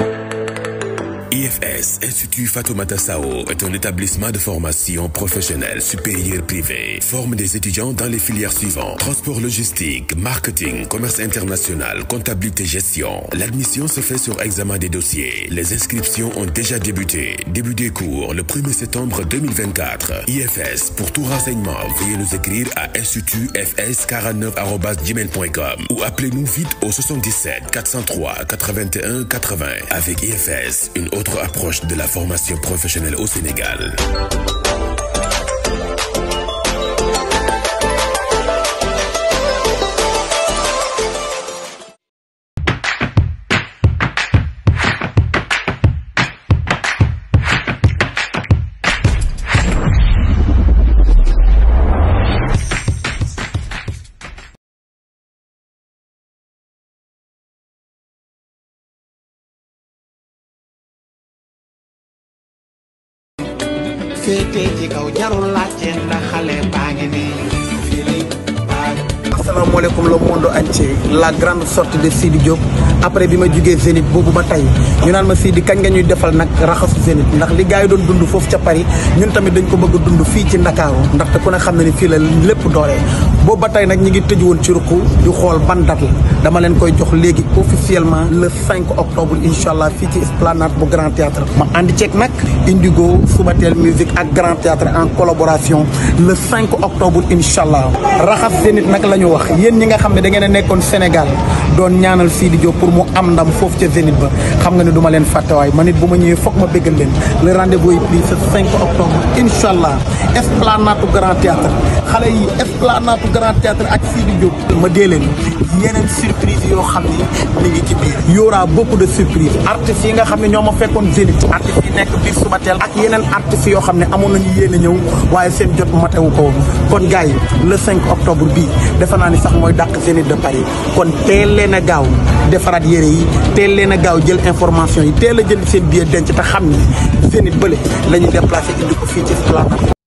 thank you IFS, Institut Fatoumata Sao, est un établissement de formation professionnelle supérieure privée. Forme des étudiants dans les filières suivantes. Transport logistique, marketing, commerce international, comptabilité gestion. L'admission se fait sur examen des dossiers. Les inscriptions ont déjà débuté. Début des cours le 1er septembre 2024. IFS, pour tout renseignement, veuillez nous écrire à institutfs49@gmail.com ou appelez-nous vite au avec IFS, une autre approche de la formation professionnelle au Sénégal. féetee ci kaw jarul laajte ndax xale baa ngi nii. asalaamaaleykum le monde entier la grande sortie de Sidi Diop après bi ma jugee Zénith boobu ba tey ñu naan ma Sidi kañ nga ñuy defal nag raxasu Zénith ndax li gars yi doon dund foofu ca Paris ñun tamit dañ ko bëgg dund fii ci Ndakaaru ndaxte ku ne xam na ni fii la lépp doole. boobu ba nag ñi ngi tëj woon ci ruqu di xool ban date la dama leen koy jox léegi officiellement le 5 octobre incha allah fii ci esplanade bu grand théâtre ma ànd ceeg nag Indigo Subatel musique ak grand théâtre en collaboration le 5 octobre incha allah raxas Zénith nag la ñu wax yéen ñi nga xam ne da ngeen a nekkoon Sénégal doon ñaanal Sidi Diop pour mu am ndam foofu ca Zénith ba xam nga ne duma leen fàtte waaye man it bu ma ñëwee foog ma béggal leen le rendez-vous yi pris ce 5 octobre allah esplanade grand théâtre grand ak Sidi Diop. ma dee leen yeneen yoo xam ni mi ngi ci biir. y aura yi nga xam ne ñoo ma fekkoon Zénith. artistes yi ak yeneen artistes yoo xam ne amoon nañu yéen a ñëw waaye seen jot matewu ko kon gars yi le 5 octobre bii defe naa ni sax mooy dàq Zénith de Paris kon teel leen a gaaw defaraat yére yi teel leen a gaaw jël information yi teel a jël seen billet denc te xam ni Zénith bële la ñuy déplacé indi ko fii ci Esplanade.